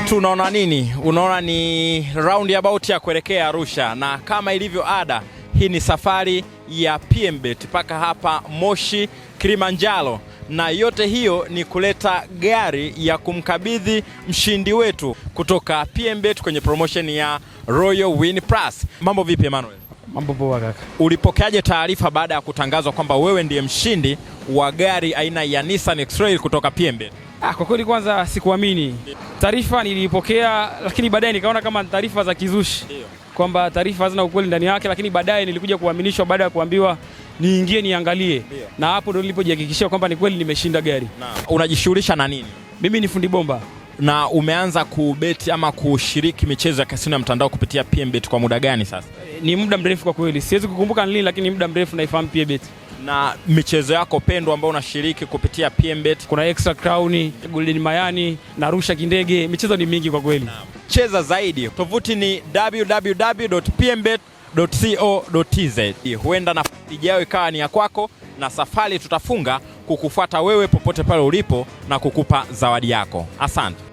yetu eh, unaona nini? Unaona ni roundabout ya kuelekea Arusha, na kama ilivyo ada, hii ni safari ya PMbet mpaka hapa Moshi Kilimanjaro, na yote hiyo ni kuleta gari ya kumkabidhi mshindi wetu kutoka PMbet kwenye promotion ya Royal Win Plus. Mambo vipi Emmanuel? Mambo poa kaka. Ulipokeaje taarifa baada ya kutangazwa kwamba wewe ndiye mshindi wa gari aina ya Nissan X-Trail kutoka PMB? Ah, kwa kweli kwanza sikuamini taarifa nilipokea, lakini baadaye nikaona kama taarifa za kizushi kwamba taarifa hazina ukweli ndani yake, lakini baadaye nilikuja kuaminishwa baada ya kuambiwa niingie niangalie, na hapo ndo nilipojihakikishia kwamba ni kweli nimeshinda gari. Unajishughulisha na nini? Mimi ni fundi bomba na umeanza kubeti ama kushiriki michezo ya kasino ya mtandao kupitia PMBet kwa muda gani sasa? Ni muda mrefu kwa kweli, siwezi kukumbuka ni lini, lakini ni muda mrefu naifahamu PMBet. Na michezo yako pendwa ambayo unashiriki kupitia PMBet, kuna Extra Crown, Golden Mayani, Narusha Kindege, michezo ni mingi kwa kweli. Cheza zaidi, tovuti ni www.pmbet.co.tz. Huenda nafasi ijayo ikawa ni ya kwako, na safari tutafunga kukufuata wewe popote pale ulipo na kukupa zawadi yako. Asante.